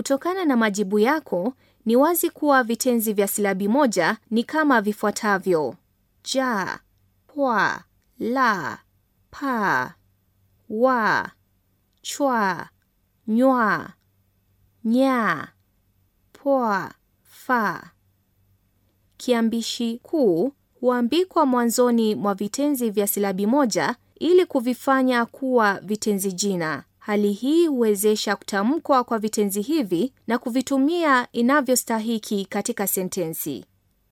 Kutokana na majibu yako, ni wazi kuwa vitenzi vya silabi moja ni kama vifuatavyo: ja, pwa, la, pa, wa, chwa, nywa, nya, pwa, fa. Kiambishi kuu huambikwa mwanzoni mwa vitenzi vya silabi moja ili kuvifanya kuwa vitenzi jina. Hali hii huwezesha kutamkwa kwa vitenzi hivi na kuvitumia inavyostahiki katika sentensi.